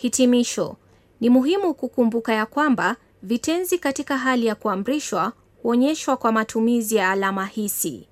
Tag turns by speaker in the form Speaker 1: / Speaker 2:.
Speaker 1: Hitimisho: ni muhimu kukumbuka ya kwamba vitenzi katika hali ya kuamrishwa huonyeshwa kwa matumizi ya alama hisi.